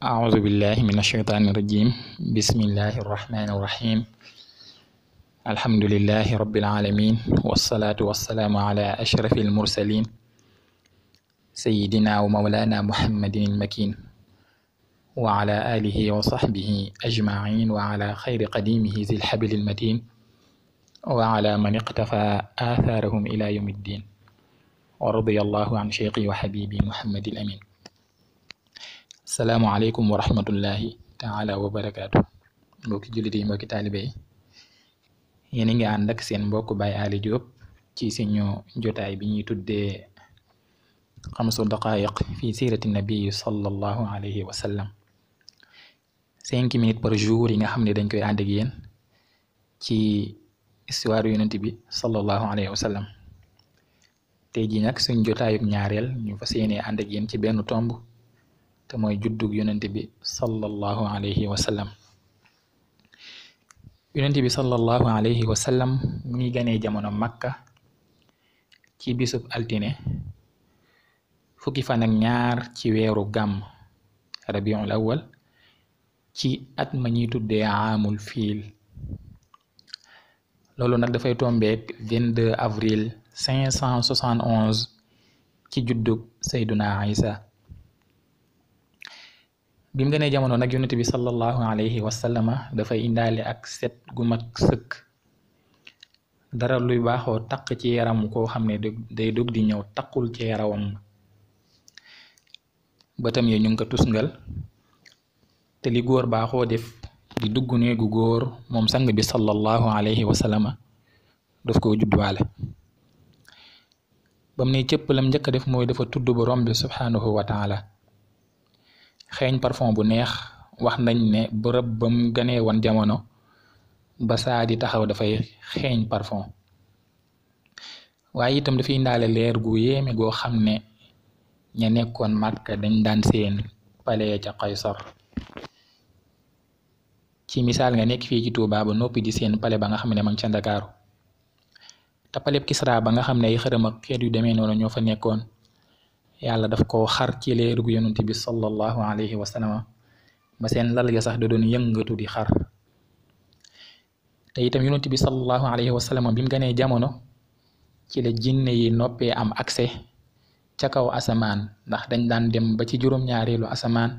أعوذ بالله من الشيطان الرجيم بسم الله الرحمن الرحيم الحمد لله رب العالمين والصلاة والسلام على أشرف المرسلين سيدنا ومولانا محمد المكين وعلى آله وصحبه أجمعين وعلى خير قديمه ذي الحبل المتين وعلى من اقتفى آثارهم إلى يوم الدين ورضي الله عن شيخي وحبيبي محمد الأمين salaamualeykum wa rahmatullahi taala wa barakaatu mbokki jullit yi mbokki taalibe yi yéen a ngi ànd ak seen mbokk Baye Ali Diop ci suñu jotaay bi ñuy tuddee xamsu daqaayiq fi siirati nabii sallallahu alayhi wa cinq minutes par jour yi nga xam ne dañ koy ànd ak yéen ci histoire yonent bi sallallahu alayhi wa sallam tey jii nag suñ jotaayub ñaareel ñu fas yéenee ànd ak yéen ci benn tomb te mooy juddug yonent bi sallallahu alayhi wa sallam yonent bi sallallahu alayhi wa sallam mu ngi jamono makka ci bisub altine fukki fanak ñaar ci weeru gàmm rabiul awal ci at ma ñuy tuddee aamul fiil loolu nag dafay tombeek 22 avril 571 ci juddug sayduna isa bi mu jamono nag yonent bi sallallahu alayhi wa sallama dafay indaale ak set gu mag sëkk dara luy baaxoo taq ci yaramu koo xam ne day dog di ñëw taqul ci yaramam bëtam yi ñu ngi ko tusngal te li góor baaxoo def di dugg gu góor moom sang bi sallallahu alayhi wa sallama daf koo juddwaale bam ne cëpp lam njëkk def mooy dafa tudd borom bi subhanahu wa xeeñ parfum bu neex wax nañ ne bërëb ba mu ganee woon jamono ba saa di taxaw dafay xeeñ parfum waaye itam dafay indaale leer gu yéeme goo xam ne ña nekkoon Màkka dañ daan seen palais ca sor ci misaal nga nekk fii ci Touba ba noppi di seen palais ba nga xam ne ma ngi ca Ndakaaru te palais Kisra ba nga xam ne ay xërëm xeet yu demee noonu ñoo fa nekkoon yàlla daf ko xar ci leerug yonent bi sallallahu alayhi wa sallam ba seen lal ga sax da doon yëngatu di xar te itam yonent bi sallallahu alayhi wa sallam bi mu gënee jamono ci la jinne yi noppee am accès ca kaw asamaan ndax dañ daan dem ba ci juróom-ñaareelu asamaan